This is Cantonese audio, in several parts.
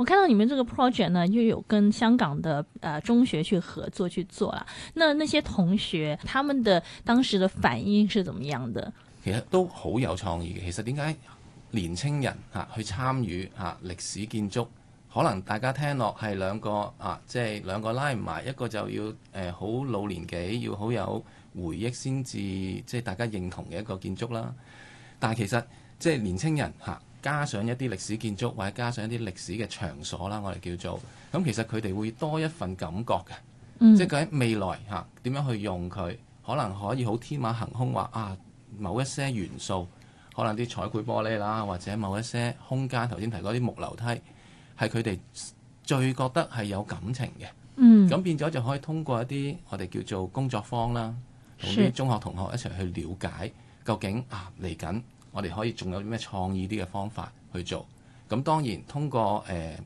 我看到你們這個 project 呢，又有跟香港的啊、呃、中學去合作去做了，那那些同學他們的當時的反應是怎麼樣的？其實都好有創意。其實點解年輕人啊去參與啊歷史建築，可能大家聽落係兩個啊，即係兩個拉唔埋，一個就要誒好、呃、老年紀，要好有回憶先至即係大家認同嘅一個建築啦。但係其實即係年輕人吓。啊加上一啲歷史建築，或者加上一啲歷史嘅場所啦，我哋叫做咁，其實佢哋會多一份感覺嘅。嗯，即係佢喺未來吓，啊，點樣去用佢，可能可以好天馬行空話啊，某一些元素，可能啲彩繪玻璃啦，或者某一些空間，頭先提嗰啲木樓梯，係佢哋最覺得係有感情嘅。嗯，咁變咗就可以通過一啲我哋叫做工作坊啦，同啲中學同學一齊去了解究竟啊嚟緊。我哋可以仲有啲咩創意啲嘅方法去做？咁當然通過誒、呃，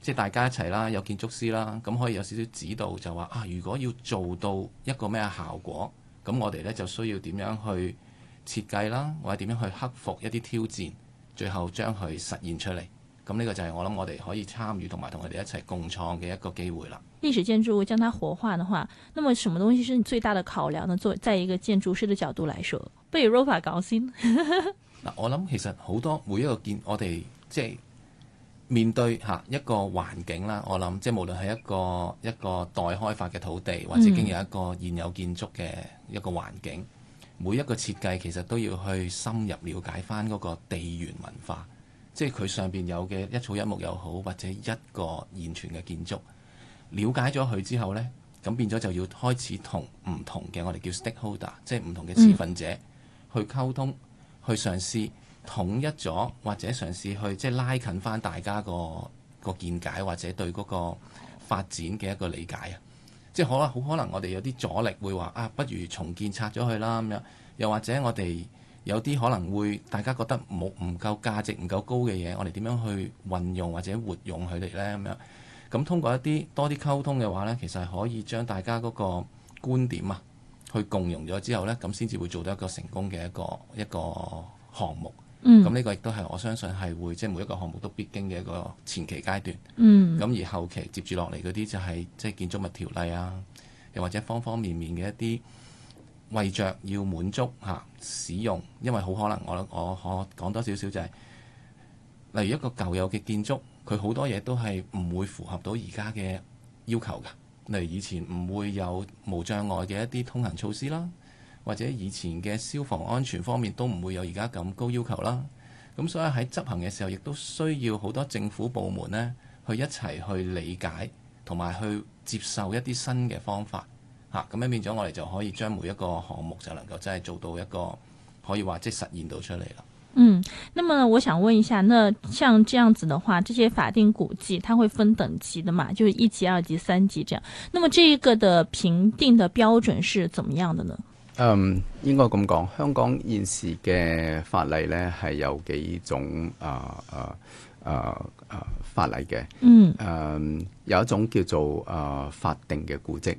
即係大家一齊啦，有建築師啦，咁可以有少少指導，就話啊，如果要做到一個咩效果，咁我哋呢就需要點樣去設計啦，或者點樣去克服一啲挑戰，最後將佢實現出嚟。咁呢個就係我諗，我哋可以參與同埋同佢哋一齊共創嘅一個機會啦。歷史建築物將它活化的話，那麼什麼東西是你最大的考量呢？作為一個建築師的角度來說，不如 Rover 講先。 我諗其實好多每一個建，我哋即係面對一個環境啦。我諗即係無論係一個一個待開發嘅土地，或者經有一個現有建築嘅一個環境，嗯、每一個設計其實都要去深入了解翻嗰個地緣文化。即係佢上邊有嘅一草一木又好，或者一個現存嘅建築，了解咗佢之後呢，咁變咗就要開始同唔同嘅我哋叫 stakeholder，即係唔同嘅持份者去溝通，去嘗試統一咗，或者嘗試去即係拉近翻大家個個見解，或者對嗰個發展嘅一個理解啊。即係可能好可能我哋有啲阻力會話啊，不如重建拆咗佢啦咁樣，又或者我哋。有啲可能會大家覺得冇唔夠價值、唔夠高嘅嘢，我哋點樣去運用或者活用佢哋呢？咁樣咁通過一啲多啲溝通嘅話呢，其實係可以將大家嗰個觀點啊，去共融咗之後呢，咁先至會做到一個成功嘅一個一個項目。mm. 咁呢個亦都係我相信係會即係每一個項目都必經嘅一個前期階段。嗯，咁而後期接住落嚟嗰啲就係即係建築物條例啊，又或者方方面面嘅一啲。為着要滿足嚇、啊、使用，因為好可能我我可講多少少就係、是，例如一個舊有嘅建築，佢好多嘢都係唔會符合到而家嘅要求㗎。例如以前唔會有無障礙嘅一啲通行措施啦，或者以前嘅消防安全方面都唔會有而家咁高要求啦。咁所以喺執行嘅時候，亦都需要好多政府部門呢，去一齊去理解同埋去接受一啲新嘅方法。啊，咁樣變咗，我哋就可以將每一個項目就能夠真係做到一個可以話即係實現到出嚟啦。嗯，那麼我想問一下，那像這樣子的話，這些法定古跡，它會分等級的嘛？就是一級、二級、三級這樣。那麼這個的評定的標準是怎麼樣的呢？嗯，應該咁講，香港現時嘅法例呢係有幾種啊啊啊法例嘅。嗯，誒，有一種叫做啊、呃、法定嘅古跡。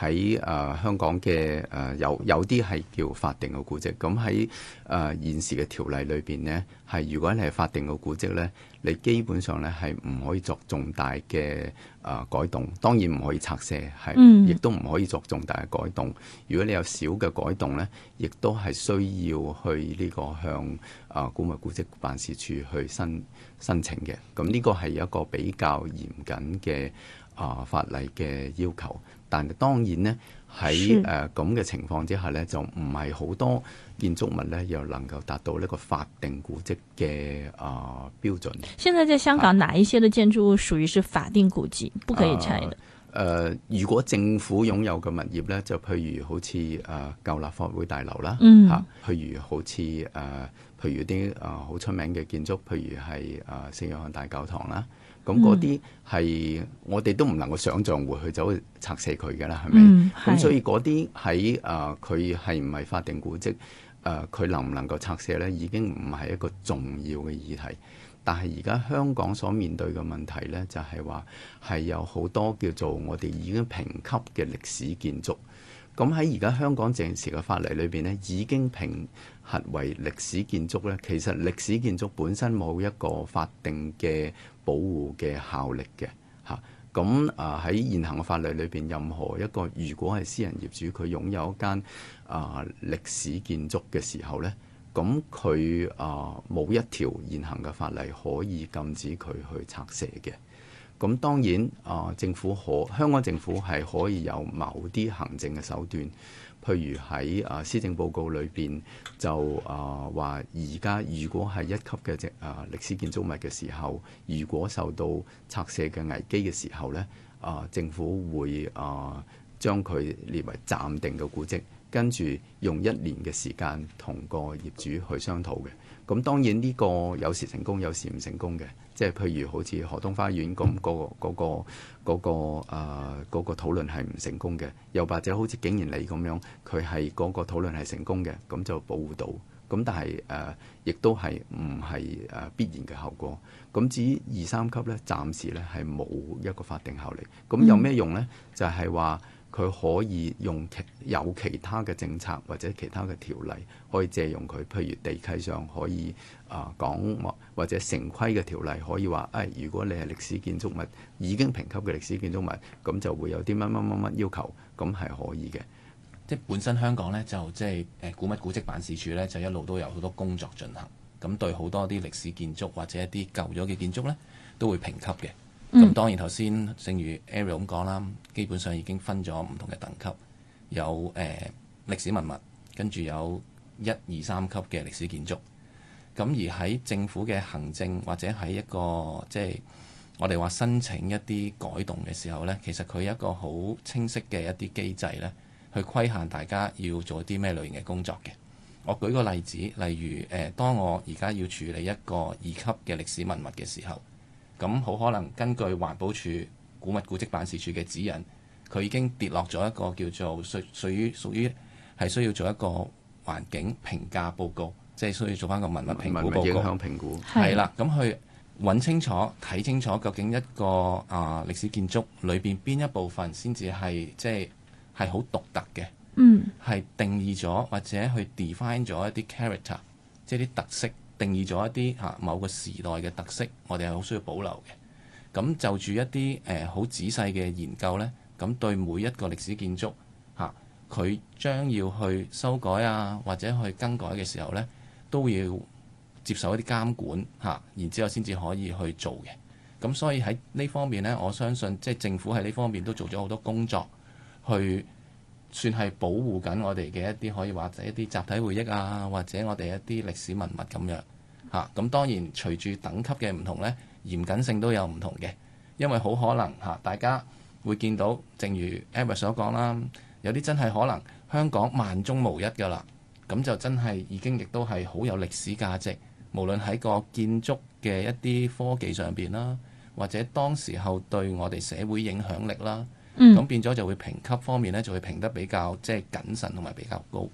喺誒、呃、香港嘅誒、呃、有有啲係叫法定嘅古跡，咁喺誒現時嘅條例裏邊呢，係如果你係法定嘅古跡呢，你基本上呢係唔可以作重大嘅誒、呃、改動，當然唔可以拆卸，係亦都唔可以作重大嘅改動。如果你有小嘅改動呢，亦都係需要去呢個向啊古、呃、物古跡辦事處去申申請嘅，咁呢個係一個比較嚴謹嘅啊法例嘅要求，但係當然呢，喺誒咁嘅情況之下呢，是就唔係好多建築物呢又能夠達到呢個法定古蹟嘅啊標準。現在在香港，哪一些嘅建築物屬於是法定古蹟，啊、不可以拆的？誒、呃呃，如果政府擁有嘅物業呢，就譬如好似誒舊立法會大樓啦，吓、嗯、譬、啊、如好似誒。呃譬如啲啊好出名嘅建築，譬如係啊聖約翰大教堂啦，咁嗰啲係我哋都唔能夠想象會去走去拆卸佢嘅啦，係咪？咁、嗯、所以嗰啲喺啊佢係唔係法定古蹟？誒、呃、佢能唔能夠拆卸呢，已經唔係一個重要嘅議題。但係而家香港所面對嘅問題呢，就係話係有好多叫做我哋已經評級嘅歷史建築。咁喺而家香港暫時嘅法例裏邊咧，已經評核為歷史建築咧。其實歷史建築本身冇一個法定嘅保護嘅效力嘅，吓、啊，咁啊喺現行嘅法例裏邊任何一個如果係私人業主佢擁有一間啊歷史建築嘅時候咧，咁佢啊冇一條現行嘅法例可以禁止佢去拆卸嘅。咁當然啊，政府可香港政府係可以有某啲行政嘅手段，譬如喺啊施政報告裏邊就啊話，而家如果係一級嘅即啊歷史建築物嘅時候，如果受到拆卸嘅危機嘅時候咧，啊政府會啊將佢列為暫定嘅古蹟，跟住用一年嘅時間同個業主去商討嘅。咁當然呢個有時成功，有時唔成功嘅。即係譬如好似何東花園咁嗰、嗰個嗰、嗰個嗰、嗰個誒嗰、嗰個呃嗰個、討論係唔成功嘅，又或者好似景賢里咁樣，佢係嗰個討論係成功嘅，咁就保護到。咁但係誒、呃，亦都係唔係誒必然嘅後果。咁至於二三級呢，暫時呢係冇一個法定效力。咁有咩用呢？就係話。佢可以用其有其他嘅政策或者其他嘅條例可以借用佢，譬如地契上可以啊、呃、講，或者城規嘅條例可以話誒、哎、如果你係歷史建築物已經評級嘅歷史建築物，咁就會有啲乜乜乜乜要求，咁係可以嘅。即係本身香港咧就即係誒古物古跡辦事處咧就一路都有好多工作進行，咁對好多啲歷史建築或者一啲舊咗嘅建築咧都會評級嘅。咁當然頭先正如 Ariel 咁講啦，基本上已經分咗唔同嘅等級，有誒、呃、歷史文物，跟住有一二三級嘅歷史建築。咁而喺政府嘅行政或者喺一個即係我哋話申請一啲改動嘅時候呢，其實佢有一個好清晰嘅一啲機制呢，去規限大家要做啲咩類型嘅工作嘅。我舉個例子，例如誒、呃，當我而家要處理一個二級嘅歷史文物嘅時候。咁好可能根據環保署古物古蹟辦事處嘅指引，佢已經跌落咗一個叫做屬屬於屬於係需要做一個環境評價報告，即係需要做翻個文物評估報告。文物影響評估係啦，咁去揾清楚睇清楚，清楚究竟一個啊、呃、歷史建築裏邊邊一部分先至係即係係好獨特嘅。嗯，係定義咗或者去 define 咗一啲 character，即係啲特色。定義咗一啲嚇某個時代嘅特色，我哋係好需要保留嘅。咁就住一啲誒好仔細嘅研究呢，咁對每一個歷史建築嚇，佢將要去修改啊或者去更改嘅時候呢，都要接受一啲監管嚇，然之後先至可以去做嘅。咁所以喺呢方面呢，我相信即係政府喺呢方面都做咗好多工作去。算係保護緊我哋嘅一啲可以話，或者一啲集體回憶啊，或者我哋一啲歷史文物咁樣嚇。咁、啊、當然隨住等級嘅唔同呢，嚴謹性都有唔同嘅。因為好可能嚇、啊，大家會見到，正如 Edward 所講啦，有啲真係可能香港萬中無一㗎啦。咁就真係已經亦都係好有歷史價值，無論喺個建築嘅一啲科技上邊啦，或者當時候對我哋社會影響力啦。咁變咗就會評級方面呢，就會評得比較即係、就是、謹慎同埋比較高，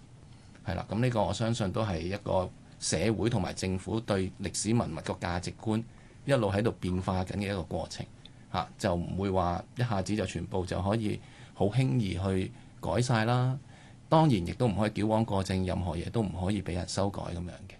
係啦。咁呢個我相信都係一個社會同埋政府對歷史文物個價值觀一路喺度變化緊嘅一個過程嚇，就唔會話一下子就全部就可以好輕易去改晒啦。當然亦都唔可以矯枉過正，任何嘢都唔可以俾人修改咁樣嘅。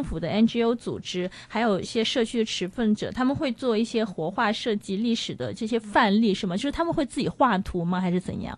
政府的 NGO 組織，還有一些社區的持份者，他們會做一些活化設計歷史的這些範例，是嗎？就是他們會自己畫圖嗎？還是怎樣？誒、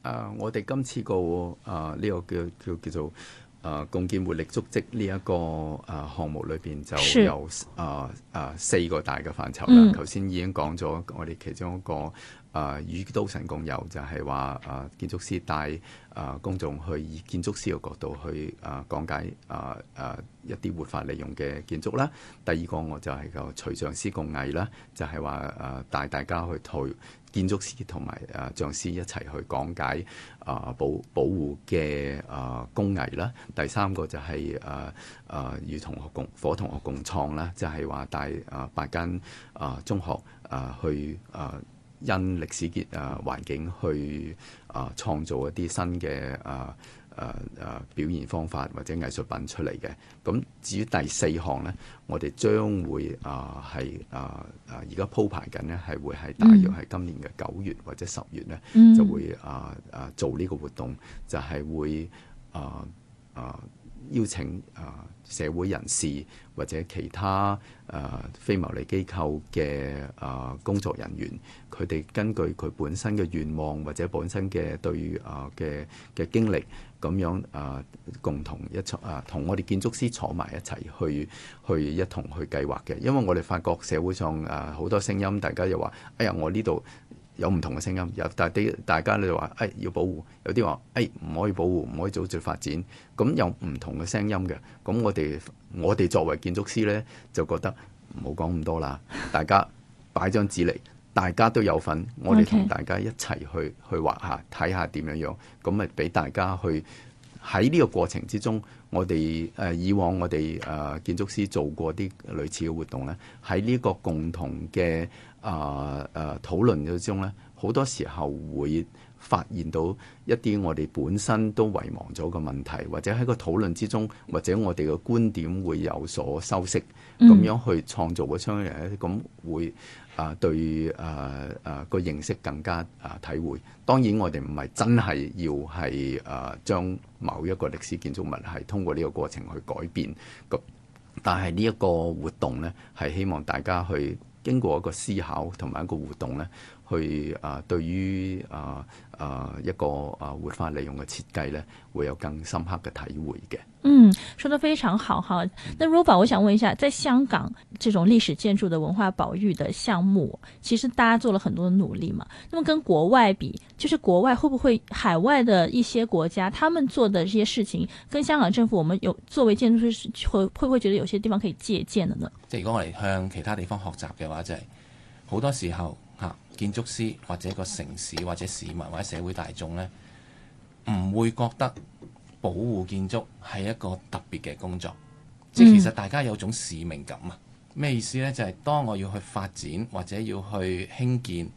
呃，我哋今次個誒呢個叫叫叫做誒、呃、共建活力築蹟呢一個誒項、呃、目裏邊就有誒誒是、呃呃、四個大嘅範疇啦。頭先、嗯、已經講咗我哋其中一個。啊！與刀神共遊就係話啊，建築師帶啊公眾去以建築師嘅角度去啊講解啊啊一啲活化利用嘅建築啦。第二個我就係個隨匠師共藝啦，就係話啊帶大家去同建築師同埋啊匠師一齊去講解啊保保護嘅啊工藝啦。第三個就係啊啊與同學共夥同學共創啦，就係話帶啊八間啊中學啊去啊。因歷史結啊、呃、環境去啊、呃、創造一啲新嘅啊啊啊表現方法或者藝術品出嚟嘅。咁至於第四項咧，我哋將會啊係啊啊而家鋪排緊咧，係會係大約係今年嘅九月或者十月咧，嗯、就會啊啊、呃呃、做呢個活動，就係、係、會啊啊。呃呃邀請啊社會人士或者其他啊非牟利機構嘅啊工作人員，佢哋根據佢本身嘅願望或者本身嘅對啊嘅嘅經歷咁樣啊共同一齊啊同我哋建築師坐埋一齊去去一同去計劃嘅，因為我哋發覺社會上啊好多聲音，大家又話哎呀，我呢度。有唔同嘅聲音，有但啲大家呢就話：誒、哎、要保護，有啲話誒唔可以保護，唔可以阻住發展。咁有唔同嘅聲音嘅，咁我哋我哋作為建築師呢，就覺得唔好講咁多啦。大家擺張紙嚟，大家都有份，我哋同大家一齊去去畫下，睇下點樣樣。咁咪俾大家去，喺呢個過程之中，我哋誒、啊、以往我哋誒、啊、建築師做過啲類似嘅活動呢，喺呢個共同嘅。啊啊！討論之中咧，好多時候會發現到一啲我哋本身都遺忘咗嘅問題，或者喺個討論之中，或者我哋嘅觀點會有所修飾，咁樣去創造嘅雙人咧，咁會啊對啊啊，啊個認識更加啊體會。當然我哋唔係真係要係啊將某一個歷史建築物係通過呢個過程去改變，咁但係呢一個活動咧，係希望大家去。經過一個思考同埋一個互動咧。去啊！對於啊啊一個啊活化利用嘅設計呢，會有更深刻嘅體會嘅。嗯，講得非常好哈！那 Rob，我想問一下，在香港這種歷史建築的文化保育的項目，其實大家做了很多努力嘛。那麼跟國外比，就是國外會不會海外的一些國家，他們做的這些事情，跟香港政府，我們有作為建築師，會會不會覺得有些地方可以借鑑的呢？即係如果我哋向其他地方學習嘅話，就係好多時候，建築師或者個城市或者市民或者社會大眾呢，唔會覺得保護建築係一個特別嘅工作，即其實大家有種使命感啊！咩意思呢？就係當我要去發展或者要去興建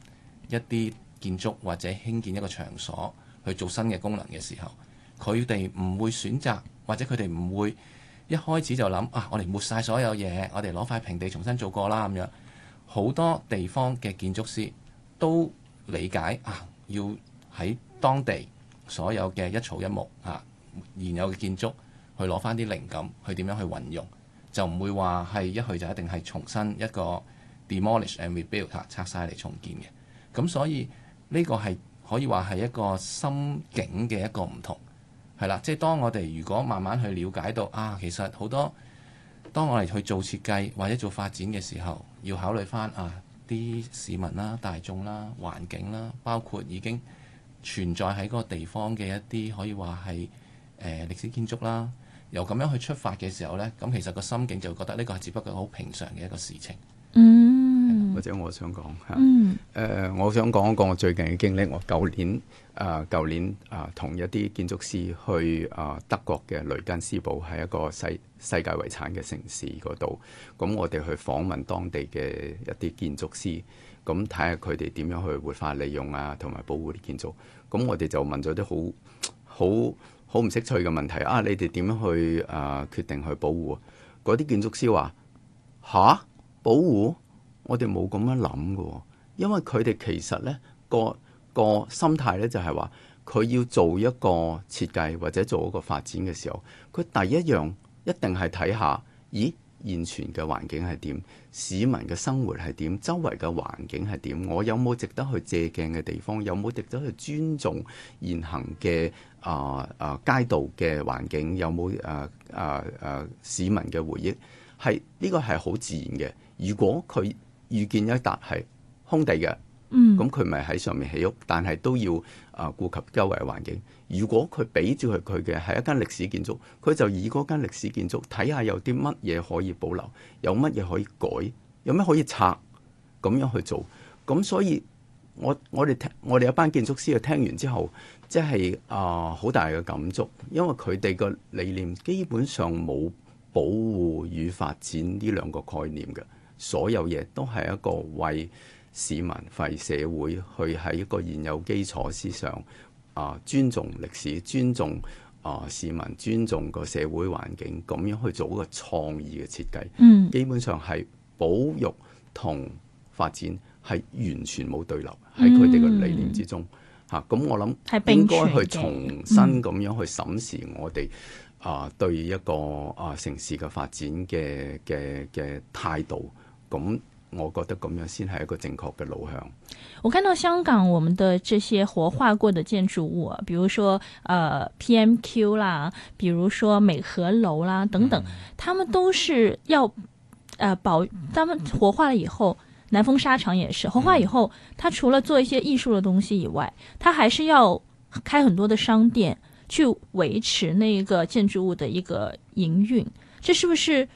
一啲建築或者興建一個場所去做新嘅功能嘅時候，佢哋唔會選擇或者佢哋唔會一開始就諗啊！我哋抹晒所有嘢，我哋攞塊平地重新做過啦咁樣。好多地方嘅建築師，都理解啊！要喺當地所有嘅一草一木啊，現有嘅建築，去攞翻啲靈感，去點樣去運用，就唔會話係一去就一定係重新一個 demolish and rebuild 拆晒嚟重建嘅。咁所以呢個係可以話係一個心境嘅一個唔同，係啦。即係當我哋如果慢慢去了解到啊，其實好多當我哋去做設計或者做發展嘅時候，要考慮翻啊，啲市民啦、大眾啦、環境啦，包括已經存在喺嗰個地方嘅一啲可以話係誒歷史建築啦，由咁樣去出發嘅時候咧，咁其實個心境就覺得呢個係只不過好平常嘅一個事情。或者我想講吓，誒、呃，我想講一個我最近嘅經歷。我舊年啊，舊、呃、年啊，同、呃、一啲建築師去啊、呃、德國嘅雷根斯堡，喺一個世世界遺產嘅城市嗰度。咁、嗯、我哋去訪問當地嘅一啲建築師，咁睇下佢哋點樣去活化利用啊，同埋保護啲建築。咁、嗯、我哋就問咗啲好好好唔識趣嘅問題啊，你哋點樣去啊、呃、決定去保護？嗰啲建築師話吓，保護？我哋冇咁樣諗嘅，因為佢哋其實呢個個心態呢，就係話，佢要做一個設計或者做一個發展嘅時候，佢第一樣一定係睇下，咦，現存嘅環境係點，市民嘅生活係點，周圍嘅環境係點，我有冇值得去借鏡嘅地方，有冇值得去尊重現行嘅啊啊街道嘅環境，有冇啊啊啊市民嘅回憶，係呢個係好自然嘅。如果佢遇見一笪係空地嘅，嗯，咁佢咪喺上面起屋，但係都要啊顧及周圍環境。如果佢俾住佢佢嘅係一間歷史建築，佢就以嗰間歷史建築睇下有啲乜嘢可以保留，有乜嘢可以改，有咩可以拆，咁樣去做。咁所以我我哋聽我哋一班建築師啊聽完之後，即係啊好大嘅感觸，因為佢哋個理念基本上冇保護與發展呢兩個概念嘅。所有嘢都係一個為市民、為社會去喺一個現有基礎思想、啊、呃，尊重歷史、尊重啊、呃、市民、尊重個社會環境，咁樣去做一個創意嘅設計。嗯，基本上係保育同發展係完全冇對立喺佢哋嘅理念之中。嚇、嗯，咁、啊、我諗係應該去重新咁樣去審視我哋、嗯、啊對一個啊城市嘅發展嘅嘅嘅態度。咁，我覺得咁樣先係一個正確嘅路向。我看到香港，我們的這些活化過的建築物，啊，比如說，呃，PMQ 啦，比如說美荷樓啦等等，他們都是要，呃，保，他們活化了以後，南豐紗廠也是活化以後，他除了做一些藝術的東西以外，他還是要開很多的商店，去維持那一個建築物的一個營運。這是不是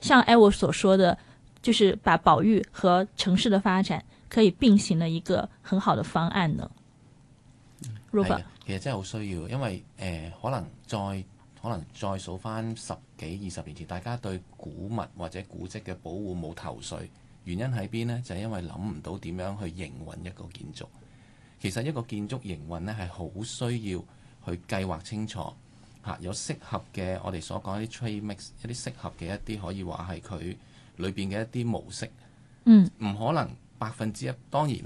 像艾我所說的？就是把保育和城市的發展可以並行的一個很好的方案呢？其實真係好需要，因為誒、呃，可能再可能再數翻十幾二十年前，大家對古物或者古蹟嘅保護冇頭緒，原因喺邊咧？就係、是、因為諗唔到點樣去營運一個建築。其實一個建築營運咧係好需要去計劃清楚，吓、啊、有適合嘅我哋所講一啲 trade mix 一啲適合嘅一啲可以話係佢。裏邊嘅一啲模式，嗯，唔可能百分之一。當然，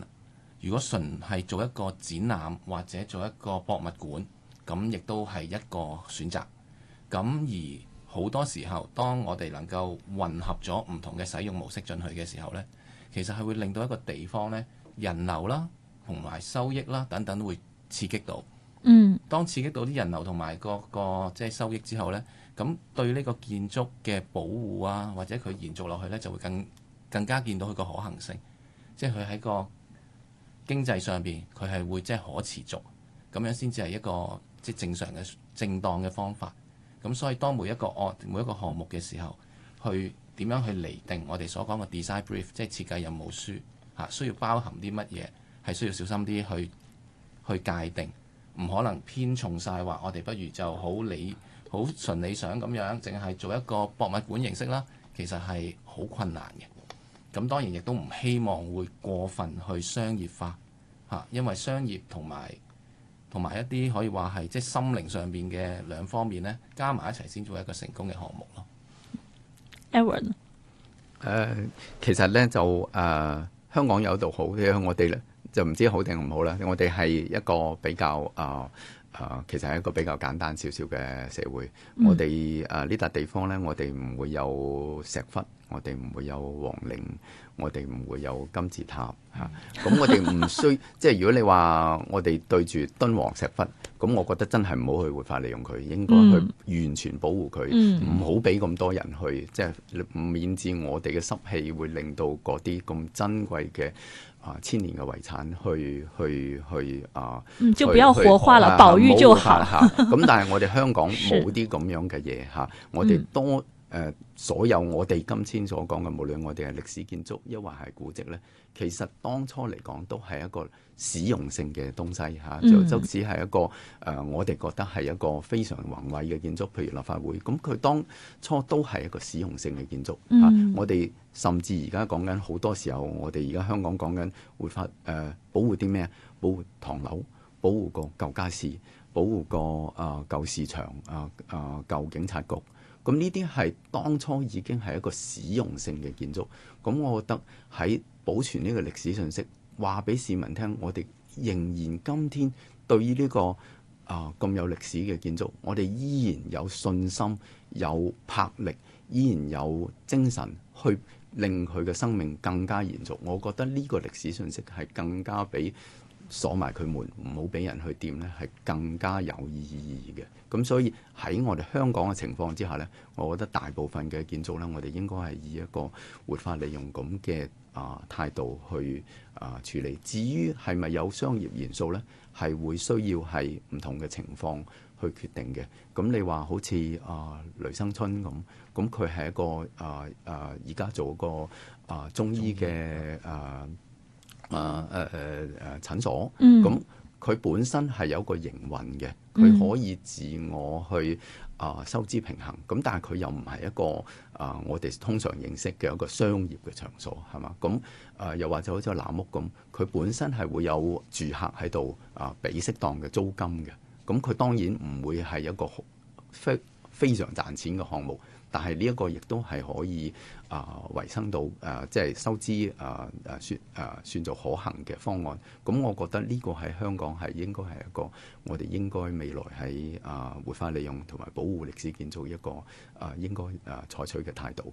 如果純係做一個展覽或者做一個博物館，咁亦都係一個選擇。咁而好多時候，當我哋能夠混合咗唔同嘅使用模式進去嘅時候呢，其實係會令到一個地方呢，人流啦同埋收益啦等等會刺激到。嗯，當刺激到啲人流同埋個即係收益之後呢，咁對呢個建築嘅保護啊，或者佢延續落去呢，就會更更加見到佢個可行性，即係佢喺個經濟上邊佢係會即係可持續，咁樣先至係一個即係正常嘅正當嘅方法。咁所以當每一個案每一個項目嘅時候，去點樣去釐定我哋所講嘅 design brief，即係設計任務書，嚇需要包含啲乜嘢，係需要小心啲去去界定。唔可能偏重晒話，我哋不如就好理好純理想咁樣，淨係做一個博物館形式啦。其實係好困難嘅。咁當然亦都唔希望會過分去商業化吓，因為商業同埋同埋一啲可以話係即係心靈上面嘅兩方面呢，加埋一齊先做一個成功嘅項目咯。Edward，其實呢，就誒、uh, 香港有度好嘅，我哋咧。就唔知好定唔好啦。我哋係一個比較啊啊、呃呃，其實係一個比較簡單少少嘅社會。嗯、我哋啊呢笪地方咧，我哋唔會有石窟。我哋唔會有王陵，我哋唔會有金字塔，吓咁、 啊、我哋唔需即係如果你話我哋對住敦煌石窟，咁我覺得真係唔好去活化利用佢，應該去完全保護佢，唔好俾咁多人去，嗯、即係免至我哋嘅濕氣會令到嗰啲咁珍貴嘅啊千年嘅遺產去去去啊，就不要火花了，保育就好。咁、 啊、但係我哋香港冇啲咁樣嘅嘢吓，我哋多。誒，所有我哋今天所講嘅，無論我哋係歷史建築，抑或係古蹟呢，其實當初嚟講都係一個使用性嘅東西嚇，就即使係一個誒、mm. 呃，我哋覺得係一個非常宏偉嘅建築，譬如立法會，咁佢當初都係一個使用性嘅建築嚇。啊 mm. 我哋甚至而家講緊好多時候，我哋而家香港講緊活化誒，保護啲咩？保護唐樓，保護個舊街市，保護個啊舊市場，啊啊舊警察局。咁呢啲係當初已經係一個使用性嘅建築，咁我覺得喺保存呢個歷史信息，話俾市民聽，我哋仍然今天對於呢、這個啊咁、呃、有歷史嘅建築，我哋依然有信心、有魄力、依然有精神去令佢嘅生命更加延續。我覺得呢個歷史信息係更加俾。鎖埋佢門，唔好俾人去掂咧，係更加有意義嘅。咁所以喺我哋香港嘅情況之下咧，我覺得大部分嘅建築咧，我哋應該係以一個活化利用咁嘅啊態度去啊處理。至於係咪有商業元素咧，係會需要係唔同嘅情況去決定嘅。咁你話好似啊、呃、雷生春咁，咁佢係一個啊啊而家做一個啊、呃、中醫嘅啊、呃。啊誒誒誒診所，咁佢、mm. 嗯嗯、本身係有一個營運嘅，佢可以自我去啊、uh, 收支平衡。咁但係佢又唔係一個啊、uh, 我哋通常認識嘅一個商業嘅場所，係嘛？咁啊又或者好似藍屋咁，佢本身係會有住客喺度啊俾適當嘅租金嘅。咁、嗯、佢當然唔會係一個非常賺錢嘅項目，但係呢一個亦都係可以啊維、呃、生到啊，即、呃、係、就是、收支啊啊算啊、呃、算做可行嘅方案。咁、嗯、我覺得呢個喺香港係應該係一個我哋應該未來喺啊、呃、活化利用同埋保護歷史建築一個啊應該啊採取嘅態度。